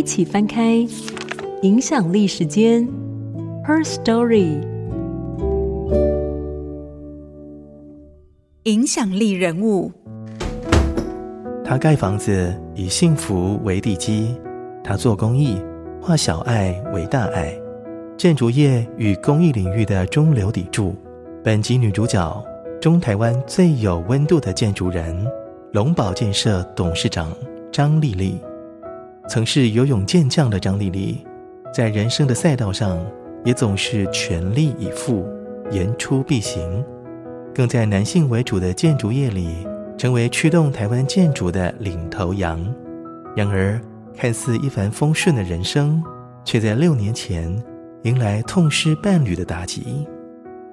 一起翻開《影響力時間》Her Story，影響力人物。她蓋房子以幸福為地基，她做公益，化小愛為大愛，建築業與公益領域的中流砥柱。本集女主角，中台灣最有溫度的建築人——龍寶建設董事長張麗莉。曾是游泳健將的張麗莉，在人生的賽道上也總是全力以赴、言出必行，更在男性為主的建築業裡成為驅動台灣建築的領頭羊。然而，看似一帆風順的人生，卻在六年前迎來痛失伴侶的打擊。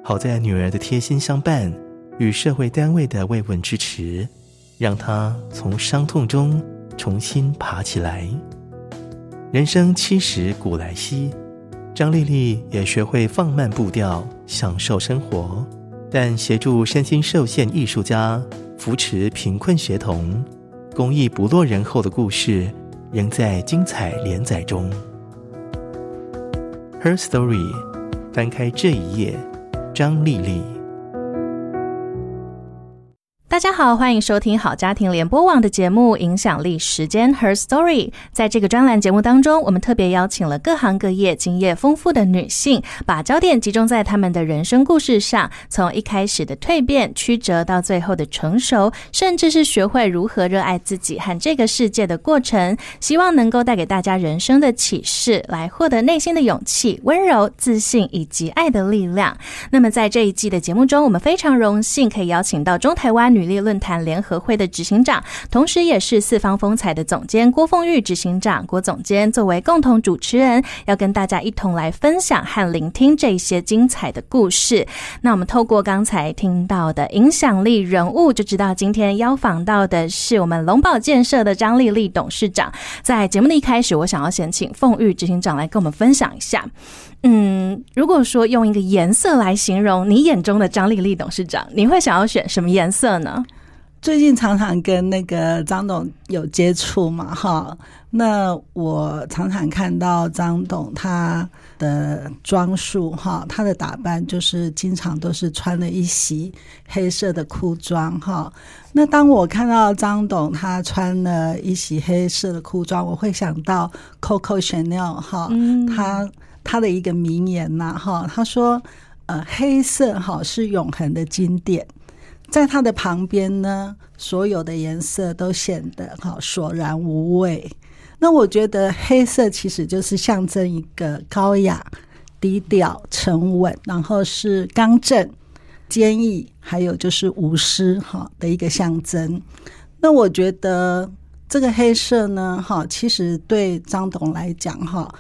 好在女兒的貼心相伴與社會單位的慰問支持，讓她從傷痛中重新爬起來。人生七十古來稀，張麗莉也學會放慢步調，享受生活。但協助身心受限藝術家，扶持貧困學童，公益不落人後的故事，仍在精彩連載中。HerStory，翻開這一頁，張麗莉。大家好，歡迎收聽好家庭聯播網的節目《影響力時間 Her Story》。在這個專欄節目當中，我們特別邀請了各行各業經驗豐富的女性，把焦點集中在她們的人生故事上，從一開始的蛻變、曲折，到最後的成熟，甚至是學會如何熱愛自己和這個世界的過程。希望能夠帶給大家人生的啟示，來獲得內心的勇氣、溫柔、自信以及愛的力量。那麼，在這一季的節目中，我們非常榮幸可以邀請到中台灣女。力論壇聯合會的執行長，同時也是四方風采的總監郭鳳玉執行長郭總監，作為共同主持人，要跟大家一同來分享和聆聽這些精彩的故事。那我們透過剛才聽到的影響力人物，就知道今天邀訪到的是我們龍寶建設的張麗莉董事長。在節目的一開始，我想要先請鳳玉執行長來跟我們分享一下。嗯，如果說用一個顏色來形容你眼中的張麗莉董事長，你會想要選什麼顏色呢？最近常常跟那個張董有接觸嘛，哈，那我常常看到張董他的裝束哈，他的打扮就是經常都是穿了一襲黑色的褲裝哈。那當我看到張董他穿了一襲黑色的褲裝，我會想到 Coco Chanel 哈，嗯、他，他的一個名言吶，哈，他說：“呃，黑色哈是永恆的經典，在它的旁邊呢，所有的顏色都顯得哈、哦、索然無味。那我覺得黑色其實就是象徵一個高雅、低調、沉穩，然後是剛正、堅毅，還有就是無私哈、哦、的一個象徵。那我覺得這個黑色呢，哈、哦，其實對張董來講，哈、哦。”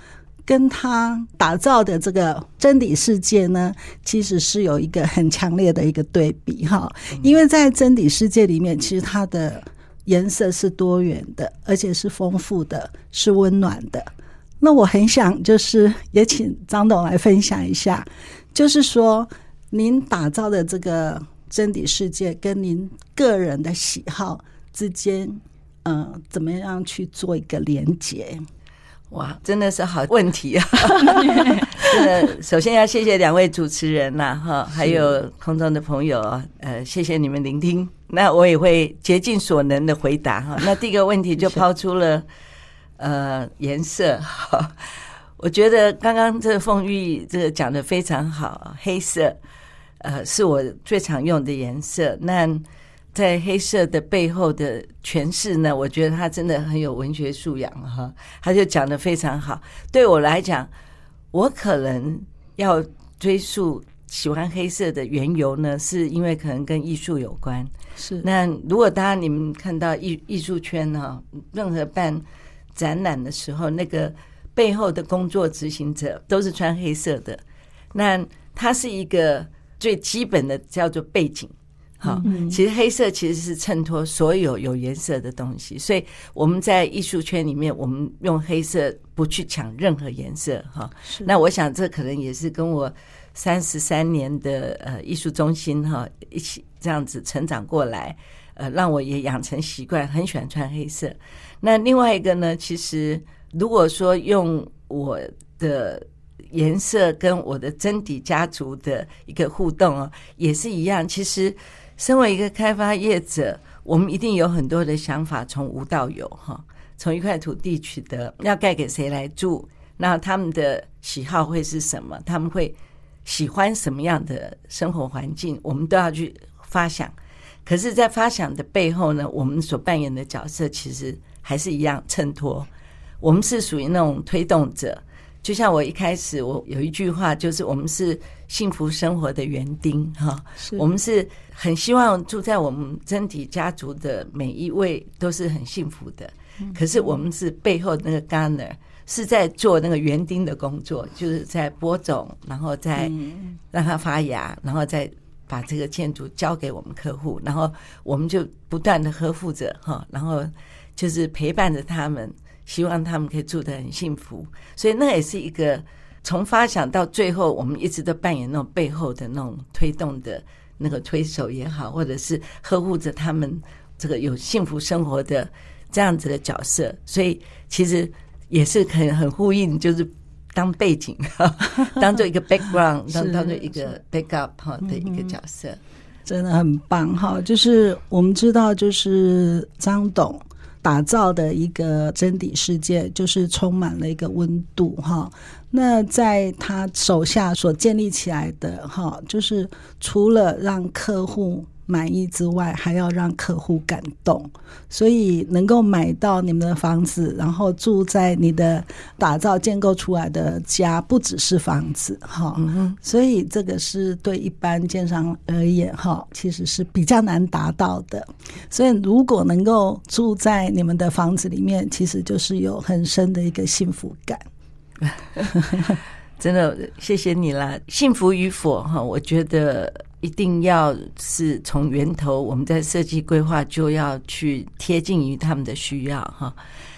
跟他打造的這個真理世界呢，其實是有一個很強烈的一個對比哈，因為在真理世界裡面，其實它的顏色是多元的，而且是豐富的，是溫暖的。那我很想就是也請張董來分享一下，就是說您打造的這個真理世界跟您個人的喜好之間，嗯、呃，怎麼樣去做一個連接？哇，真的是好問題啊 的！ 首先要謝謝兩位主持人吶，哈，還有空中的朋友，呃，謝謝你們聆聽。那我也會竭盡所能的回答哈。那第一個問題就拋出了， 呃，顏色。我覺得剛剛這個鳳玉這個講得非常好，黑色，呃，是我最常用的顏色。那在黑色的背後的詮釋呢？我覺得他真的很有文學素養哈，他就講得非常好。對我來講，我可能要追溯喜歡黑色的緣由呢，是因為可能跟藝術有關。是，那如果大家你們看到藝藝術圈呢，任何辦展覽的時候，那個背後的工作執行者都是穿黑色的，那它是一個最基本的叫做背景。好，其實黑色其實是襯托所有有顏色的東西，所以我們在藝術圈裡面，我們用黑色不去搶任何顏色，哈。那我想這可能也是跟我三十三年的呃藝術中心哈一起這樣子成長過來，呃，讓我也養成習慣，很喜歡穿黑色。那另外一個呢，其實如果說用我的顏色跟我的真底家族的一個互動哦，也是一樣，其實。身為一個開發業者，我們一定有很多的想法，從無到有哈。從一塊土地取得，要蓋給誰來住？那他們的喜好會是什麼？他們會喜歡什麼樣的生活環境？我們都要去發想。可是，在發想的背後呢，我們所扮演的角色其實還是一樣，襯托。我們是屬於那種推動者。就像我一開始我有一句話，就是我們是幸福生活的園丁哈，我們是很希望住在我們真體家族的每一位都是很幸福的，可是我們是背後那個 gardener 是在做那個園丁的工作，就是在播種，然後再讓它發芽，然後再把這個建築交給我們客戶，然後我們就不斷的呵護着哈，然後就是陪伴着他們。希望他們可以住得很幸福，所以那也是一個從發想到最後，我們一直都扮演那種背後的那種推動的那個推手也好，或者是呵護着他們這個有幸福生活的這樣子的角色。所以其實也是很很呼應，就是當背景， 當做一個 background，當當做一個 backup 哈的一個角色，嗯、真的很棒哈。就是我們知道，就是張董。打造的一個真底世界，就是充滿了一個溫度哈。那在他手下所建立起來的哈，就是除了讓客戶。滿意之外，還要讓客戶感動，所以能夠買到你們的房子，然後住在你的打造、建構出來的家，不只是房子，哈、嗯哼。所以這個是對一般建商而言，哈，其實是比較難達到的。所以如果能夠住在你們的房子裡面，其實就是有很深的一個幸福感。 真的，謝謝你啦，幸福與否，哈，我覺得。一定要是從源頭，我們在設計規劃就要去貼近於他們的需要哈。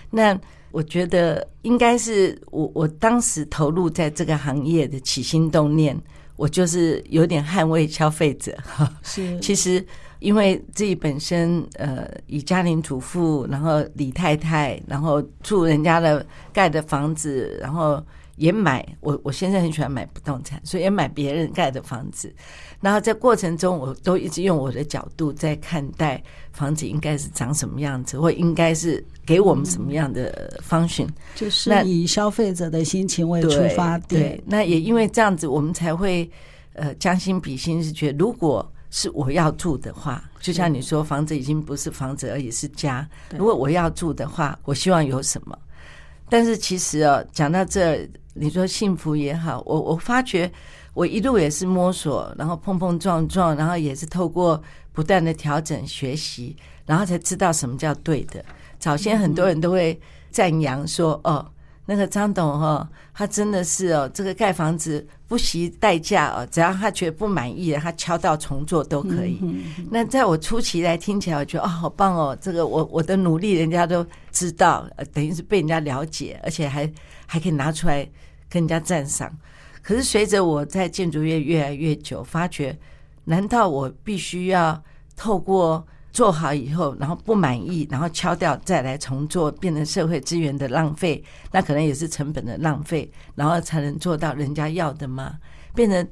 那我覺得應該是我我當時投入在這個行業的起心動念，我就是有點捍衛消費者哈。是，其實因為自己本身呃，以家庭主婦，然後李太太，然後住人家的蓋的房子，然後。也買我，我現在很喜歡買不動產，所以也買別人蓋的房子。然後在過程中，我都一直用我的角度在看待房子應該是長什麼樣子，或應該是給我們什麼樣的 function、嗯，就是以消費者的心情為出發點。那也因為這樣子，我們才會呃將心比心，是覺得如果是我要住的話，對就像你說，房子已經不是房子，而也是家。對如果我要住的話，我希望有什麼？但是其實哦，講到這，你說幸福也好，我我發覺我一路也是摸索，然後碰碰撞撞，然後也是透過不斷的調整、學習，然後才知道什麼叫對的。早先很多人都會讚揚說，哦。那個張董哈、哦，他真的是哦，這個蓋房子不惜代價哦，只要他覺得不滿意，他敲掉重做都可以。嗯嗯嗯、那在我初期來聽起來，我覺得哦，好棒哦，這個我我的努力人家都知道，等於是被人家了解，而且還還可以拿出來跟人家讚賞。可是隨着我在建築業越來越久，發覺難道我必須要透過，做好以後，然後不滿意，然後敲掉，再來重做，變成社會資源的浪費，那可能也是成本的浪費，然後才能做到人家要的嘛。變成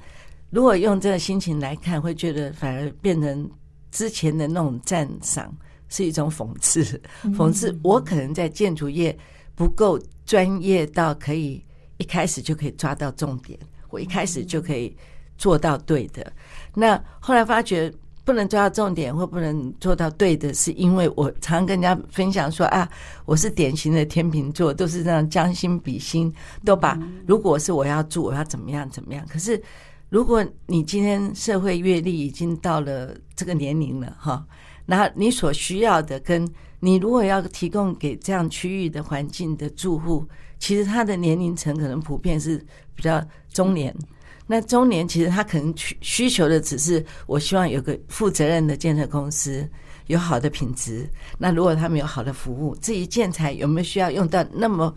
如果用這個心情來看，會覺得反而變成之前的那種讚賞，是一種諷刺。諷刺我可能在建築業不夠專業到可以一開始就可以抓到重點，我一開始就可以做到對的。那後來發覺。不能抓到重點，或不能做到對的，是因為我常跟人家分享說啊，我是典型的天秤座，都是這樣將心比心，都把如果是我要住，我要怎麼樣怎麼樣。可是，如果你今天社會閱歷已經到了這個年齡了哈，那你所需要的，跟你如果要提供給這樣區域的環境的住戶，其實他的年齡層可能普遍是比較中年。嗯那中年其實他可能需需求的只是，我希望有個負責任的建設公司，有好的品質。那如果他們有好的服務，至於建材有沒有需要用到那麼，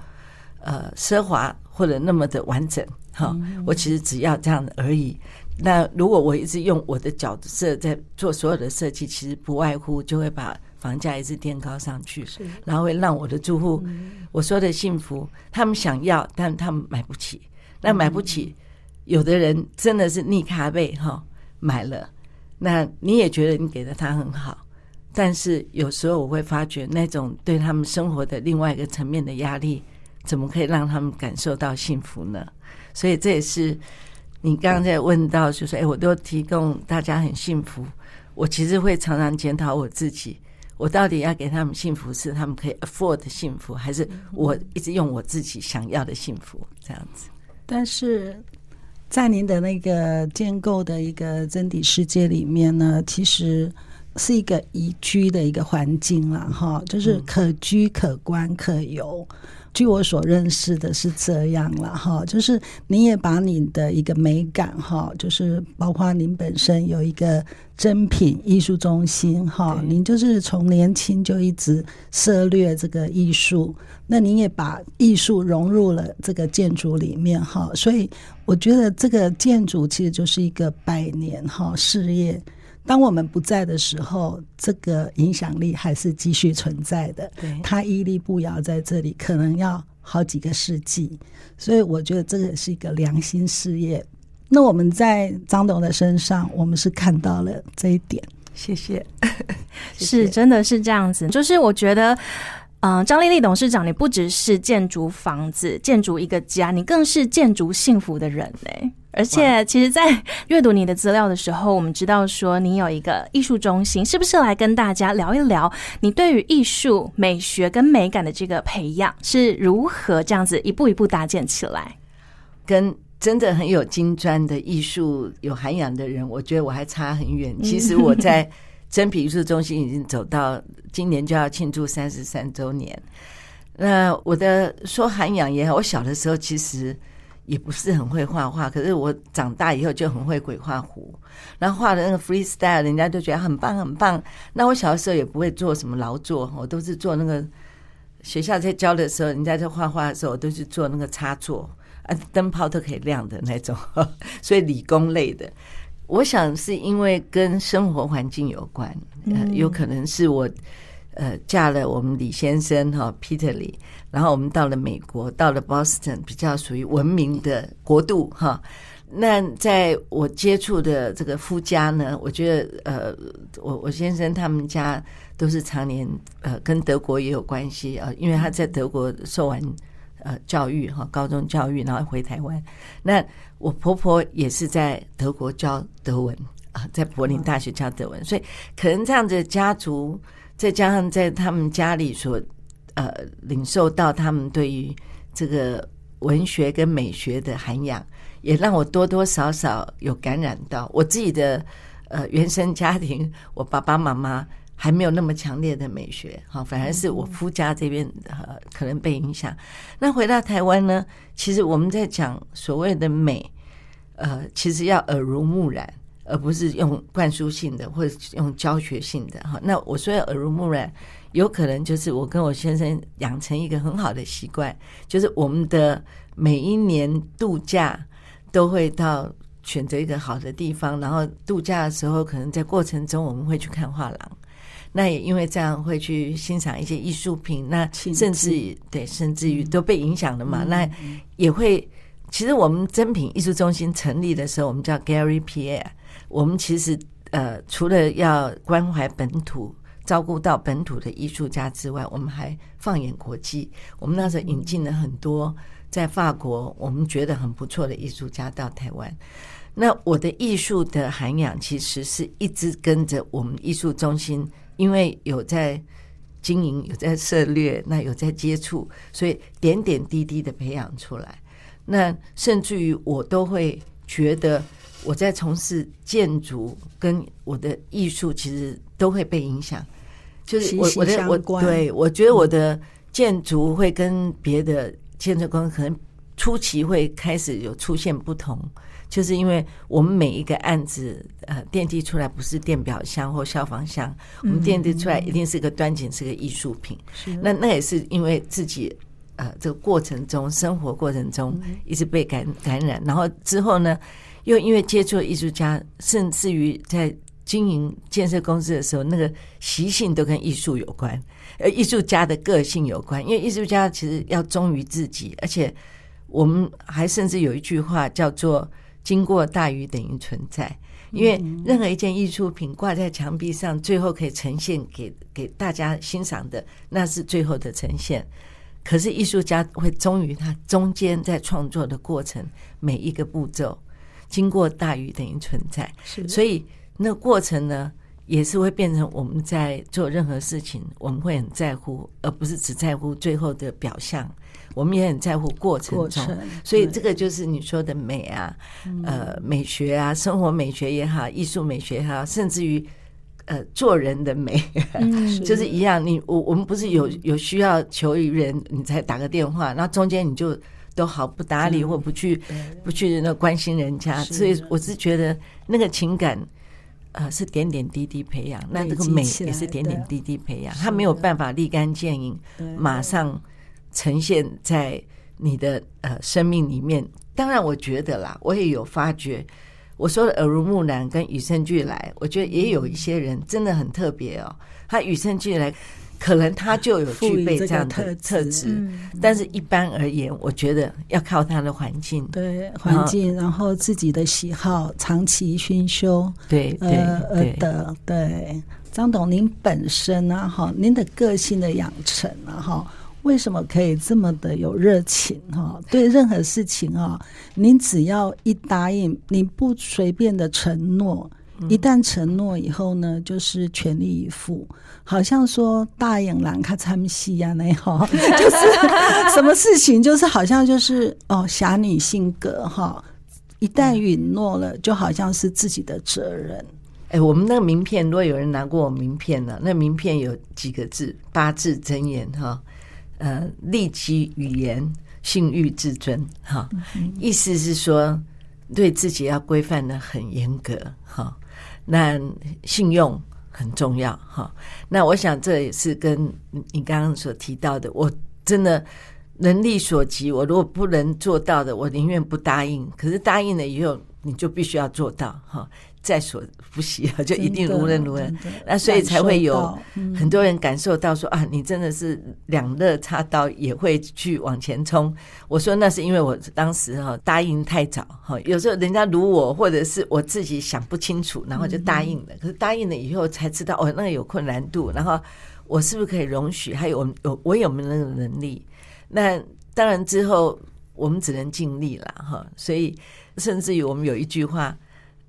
呃，奢華或者那麼的完整，哈、哦，嗯、我其實只要這樣而已。那如果我一直用我的角色在做所有的設計，其實不外乎就會把房價一直墊高上去，是然後會讓我的住戶，嗯、我說的幸福，他們想要，但他們買不起。那買不起。嗯有的人真的是逆咖位，哈買了，那你也覺得你給的他很好，但是有時候我會發覺那種對他們生活的另外一個層面的壓力，怎麼可以讓他們感受到幸福呢？所以這也是你剛剛在問到，就是說哎，我都提供大家很幸福，我其實會常常檢討我自己，我到底要給他們幸福，是他們可以 afford 的幸福，還是我一直用我自己想要的幸福這樣子？但是。在您的那個建構的一個真諦世界裡面呢，其實。是一個宜居的一個環境了哈，就是可居可觀可游。嗯、據我所認識的是這樣了哈，就是你也把你的一個美感哈，就是包括您本身有一個珍品藝術中心哈，您、嗯、就是從年輕就一直涉獵這個藝術，那您也把藝術融入了這個建築裡面哈，所以我覺得這個建築其實就是一個百年哈事業。當我們不在的時候，這個影響力還是繼續存在的。對，他屹立不搖在這裡，可能要好幾個世紀。所以我覺得這個是一個良心事業。那我們在張董的身上，我們是看到了這一點。謝謝，呵呵是謝謝，真的是這樣子。就是我覺得，嗯、呃，張麗莉董事長，你不只是建築房子，建築一個家，你更是建築幸福的人嘞，欸。而且，其實，在閱讀你的資料的時候，我們知道說你有一個藝術中心，是不是來跟大家聊一聊你對於藝術美學跟美感的這個培養是如何這樣子一步一步搭建起來？跟真的很有金磚的藝術有涵養的人，我覺得我還差很遠。其實我在真皮藝術中心已經走到今年就要慶祝三十三週年。那我的說涵養也好，我小的時候其實。也不是很會畫畫，可是我長大以後就很會鬼畫符。然後畫的那個 freestyle，人家就覺得很棒很棒。那我小的時候也不會做什麼勞作，我都是做那個學校在教的時候，人家在畫畫的時候，我都是做那個插座啊，燈泡都可以亮的那種呵呵。所以理工類的，我想是因為跟生活環境有關，呃，有可能是我。呃，嫁了我們李先生哈，Peter 李，然後我們到了美國，到了 Boston，比較屬於文明的國度哈。那在我接觸的這個夫家呢，我覺得呃，我我先生他們家都是常年呃跟德國也有關係啊，因為他在德國受完呃教育哈，高中教育，然後回台灣。那我婆婆也是在德國教德文啊，在柏林大學教德文，所以可能這樣子的家族。再加上在他們家裡所，呃，領受到他們對於這個文學跟美學的涵養，也讓我多多少少有感染到。我自己的呃原生家庭，我爸爸媽媽還沒有那麼強烈的美學，哈，反而是我夫家這邊呃可能被影響。那回到台灣呢，其實我們在講所謂的美，呃，其實要耳濡目染。而不是用灌輸性的，或者用教學性的哈。那我說耳濡目染，有可能就是我跟我先生養成一個很好的習慣，就是我們的每一年度假都會到選擇一個好的地方，然後度假的時候，可能在過程中我們會去看畫廊，那也因為這樣會去欣賞一些藝術品，那甚至自對，甚至於都被影響了嘛。嗯嗯嗯那也會，其實我們珍品藝術中心成立的時候，我們叫 Gary Pierre。我們其實呃，除了要關懷本土、照顧到本土的藝術家之外，我們還放眼國際。我們那時候引進了很多在法國我們覺得很不錯的藝術家到台灣。那我的藝術的涵養，其實是一直跟着我們藝術中心，因為有在經營、有在涉獵、那有在接觸，所以點點滴滴的培養出來。那甚至於我都會覺得。我在從事建築，跟我的藝術其實都會被影響，就是我的息息我的我對，我覺得我的建築會跟別的建築公司可能初期會開始有出現不同，就是因為我們每一個案子呃，電梯出來不是電表箱或消防箱，我們電梯出來一定是個端景，是個藝術品。是、嗯、那那也是因為自己呃，這個過程中生活過程中一直被感感染，然後之後呢？又因為接觸藝術家，甚至於在經營建設公司的時候，那個習性都跟藝術有關，呃，藝術家的個性有關。因為藝術家其實要忠於自己，而且我們還甚至有一句話叫做“經過大於等於存在”。因為任何一件藝術品掛在牆壁上，最後可以呈現給給大家欣賞的，那是最後的呈現。可是藝術家會忠於他中間在創作的過程每一個步驟。經過大於等於存在，是的所以那個過程呢，也是會變成我們在做任何事情，我們會很在乎，而不是只在乎最後的表象。我們也很在乎過程中，程所以這個就是你說的美啊，嗯、呃，美學啊，生活美學也好，藝術美學也好，甚至於呃，做人的美， 嗯、是的，就是一樣。你我我們不是有、嗯、有需要求於人，你才打個電話，那中間你就。都好不搭理或不去不去那關心人家，所以我是覺得那個情感啊、呃、是點點滴滴培養，那這個美也是點點滴滴培養，他沒有辦法立竿見影，馬上呈現在你的呃生命裡面。當然，我覺得啦，我也有發覺，我說耳濡目染跟與生俱來，我覺得也有一些人真的很特別哦，他與生俱來。可能他就有具備這樣的特質，但是一般而言，我覺得要靠他的環境。對，環境，然後自己的喜好，長期熏修對，呃，呃，對，張董，您本身啊，哈，您的個性的養成啊，哈，為什麼可以這麼的有熱情？哈，對任何事情啊，您只要一答應，您不隨便的承諾。一旦承諾以後呢，就是全力以赴，好像說大眼狼卡查米西呀，那樣，就是什麼事情，就是好像就是哦，俠女性格哈。一旦允諾了，就好像是自己的責任。哎、欸，我們那個名片，如果有人拿過我名片呢，那名片有幾個字？八字箴言哈，呃，立即語言，信譽至尊哈，意思是說對自己要規範的很嚴格哈。那信用很重要哈。那我想這也是跟你剛剛所提到的，我真的能力所及，我如果不能做到的，我寧願不答應。可是答應了以後，你就必須要做到哈。在所不惜，就一定如人如人。那所以才會有很多人感受到說、嗯、啊，你真的是兩肋插刀也會去往前衝。我說那是因為我當時哈、哦、答應太早哈、哦，有時候人家如我或者是我自己想不清楚，然後就答應了。嗯、哼可是答應了以後才知道哦，那個有困難度，然後我是不是可以容許？還有我有我有沒有那個能力？那當然之後我們只能盡力了哈、哦。所以甚至於我們有一句話。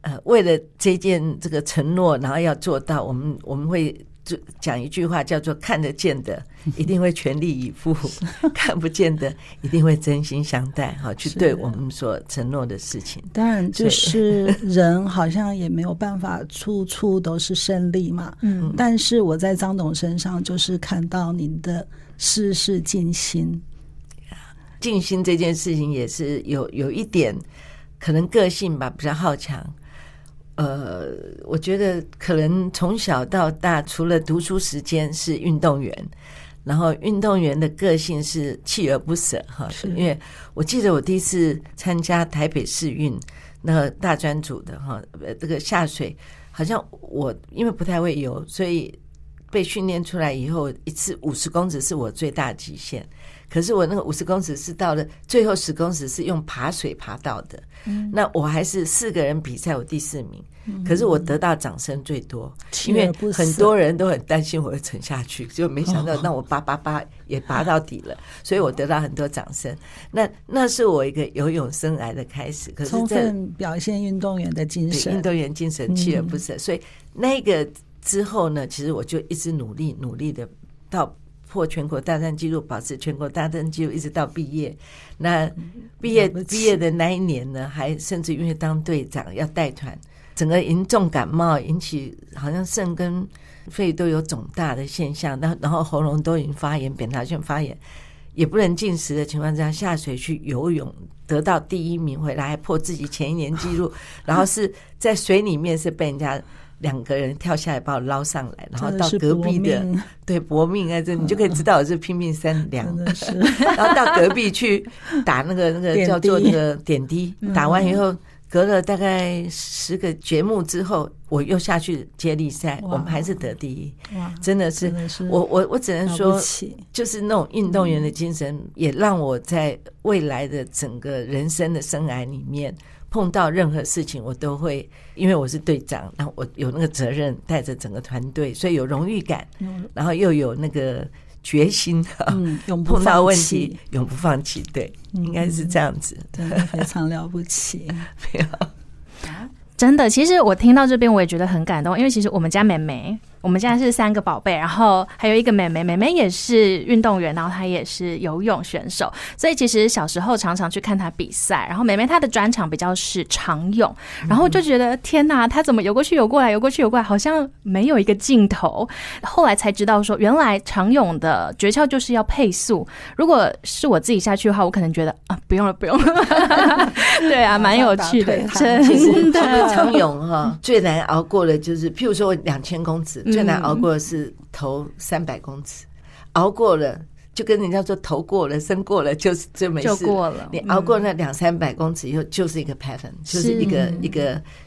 呃，為了這件這個承諾，然後要做到，我們我們會就講一句話，叫做看得見的一定會全力以赴， 看不見的一定會真心相待，哈，去對我們所承諾的事情。當然的，以就是人好像也沒有辦法 處處都是勝利嘛。嗯。但是我在張董身上，就是看到您的事事盡心，盡心、啊、盡心這件事情也是有有一點可能個性吧，比較好強。呃，我覺得可能從小到大，除了讀書時間是運動員，然後運動員的個性是鍥而不舍哈。是因為我記得我第一次參加台北市運，那個，大專組的哈，這個下水好像我因為不太會游，所以。被訓練出來以後，一次五十公尺是我最大極限。可是我那個五十公尺是到了最後十公尺是用爬水爬到的。嗯、那我還是四個人比賽，我第四名，嗯、可是我得到掌聲最多，嗯、因為很多人都很擔心我會沉下去，就沒想到、哦、那我叭叭叭也拔到底了，所以我得到很多掌聲。那那是我一個游泳生涯的開始，可是充分表現運動員的精神，運動員精神鍥而不捨，嗯、所以那個。之後呢，其實我就一直努力努力的，到破全國大戰記錄，保持全國大戰記錄，一直到畢業。那畢業畢業的那一年呢，還甚至因為當隊長要帶團，整個嚴重感冒引起，好像腎跟肺都有腫大的現象，然後喉嚨都已經發炎，扁桃腺發炎，也不能進食的情況之下下水去游泳，得到第一名回來，還破自己前一年記錄， 然後是在水裡面是被人家。兩個人跳下來把我撈上來，然後到隔壁的，的薄對搏命啊，嗯、這你就可以知道我是拼命三娘。的然後到隔壁去打那個 那個叫做那個點滴，嗯、打完以後隔了大概十個節目之後，我又下去接力賽，哇我們還是得第一。哇，真的是，的是我我我只能說，就是那種運動員的精神，也讓我在未來的整個人生的生涯裡面，碰到任何事情，我都會，因為我是隊長，然後我有那個責任帶着整個團隊，所以有榮譽感，然後又有那個決心。嗯，碰到問題永不放棄，對，應該是這樣子，真的非常了不起，真的。其實我聽到這邊，我也覺得很感動，因為其實我們家妹妹。我們現在是三個寶貝，然後還有一個妹妹，妹妹也是運動員，然後她也是游泳選手。所以其實小時候常常去看她比賽，然後妹妹她的專長比較是長泳，然後就覺得天哪，她怎麼游過去、游過來、游過去、游過來，好像沒有一個盡頭。後來才知道說，原來長泳的訣竅就是要配速。如果是我自己下去的話，我可能覺得啊，不用了，不用了。 對啊，蠻有趣的。真的。長泳哈最難熬過的就是，譬如說兩千公尺。最難熬過的是頭三百公尺，熬過了。就跟人家說頭過了，身過了，就是就沒事了。就過了，你熬過那兩三百公尺以後，嗯、就是一個 pattern，是就是一個一個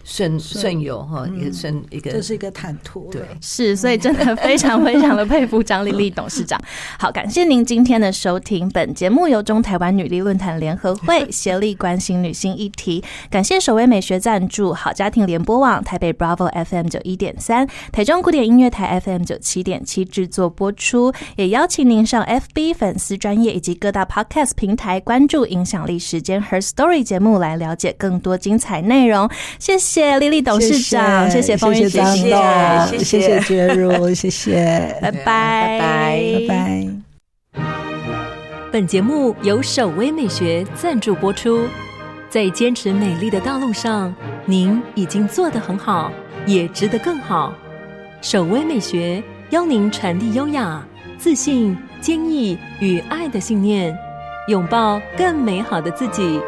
順順游哈，一個順一個，這是一個坦途。對，是，所以真的非常非常的佩服張麗莉董事長。 好，感謝您今天的收聽。本節目由中台灣女力論壇聯合會協力關心女性議題， 感謝守葳美學贊助，好家庭聯播網台北 Bravo FM 九一點三，台中古典音樂台 FM 九七點七製作播出，也邀請您上 F。B 粉絲專業以及各大 Podcast 平台關注影響力時間 Her Story 節目，來了解更多精彩內容。謝謝麗莉董事長，謝謝，謝謝鳳玉張董，謝謝珏如，謝謝， 謝謝拜拜，拜拜，拜拜。本節目由守葳美學贊助播出。在堅持美麗的道路上，您已經做得很好，也值得更好。守葳美學邀您傳遞優雅自信。堅毅與愛的信念，擁抱更美好的自己。